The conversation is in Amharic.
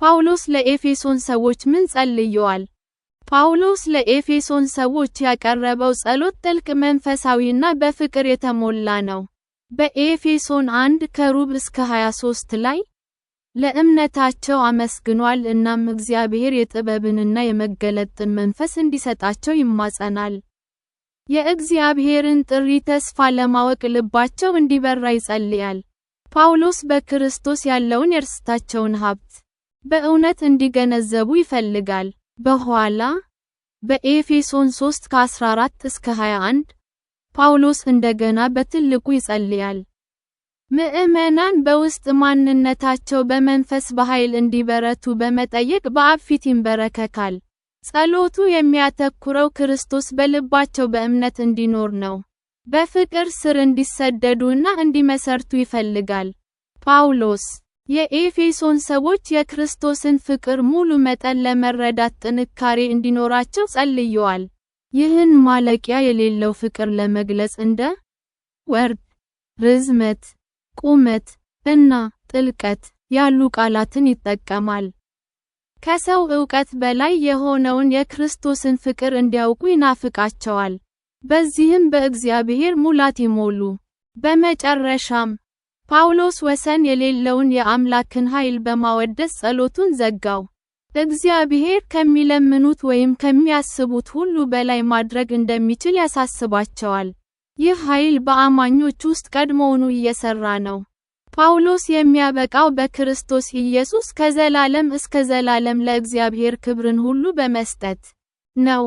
ጳውሎስ ለኤፌሶን ሰዎች ምን ጸልየዋል? ጳውሎስ ለኤፌሶን ሰዎች ያቀረበው ጸሎት ጥልቅ መንፈሳዊና በፍቅር የተሞላ ነው። በኤፌሶን 1 ከሩብ እስከ 23 ላይ ለእምነታቸው አመስግኗል እናም እግዚአብሔር የጥበብንና የመገለጥን መንፈስ እንዲሰጣቸው ይማጸናል። የእግዚአብሔርን ጥሪ ተስፋ ለማወቅ ልባቸው እንዲበራ ይጸልያል። ጳውሎስ በክርስቶስ ያለውን የርስታቸውን ሀብት በእውነት እንዲገነዘቡ ይፈልጋል። በኋላ በኤፌሶን 3 ከ14 እስከ 21 ጳውሎስ እንደገና በትልቁ ይጸልያል። ምዕመናን በውስጥ ማንነታቸው በመንፈስ በኃይል እንዲበረቱ በመጠየቅ በአብ ፊት ይንበረከካል። ጸሎቱ የሚያተኩረው ክርስቶስ በልባቸው በእምነት እንዲኖር ነው። በፍቅር ስር እንዲሰደዱና እንዲመሰርቱ ይፈልጋል። ጳውሎስ የኤፌሶን ሰዎች የክርስቶስን ፍቅር ሙሉ መጠን ለመረዳት ጥንካሬ እንዲኖራቸው ጸልየዋል። ይህን ማለቂያ የሌለው ፍቅር ለመግለጽ እንደ ወርድ፣ ርዝመት፣ ቁመት እና ጥልቀት ያሉ ቃላትን ይጠቀማል። ከሰው ዕውቀት በላይ የሆነውን የክርስቶስን ፍቅር እንዲያውቁ ይናፍቃቸዋል። በዚህም በእግዚአብሔር ሙላት ይሞሉ። በመጨረሻም ጳውሎስ ወሰን የሌለውን የአምላክን ኃይል በማወደስ ጸሎቱን ዘጋው። እግዚአብሔር ከሚለምኑት ወይም ከሚያስቡት ሁሉ በላይ ማድረግ እንደሚችል ያሳስባቸዋል። ይህ ኃይል በአማኞች ውስጥ ቀድሞውኑ እየሰራ ነው። ጳውሎስ የሚያበቃው በክርስቶስ ኢየሱስ ከዘላለም እስከ ዘላለም ለእግዚአብሔር ክብርን ሁሉ በመስጠት ነው።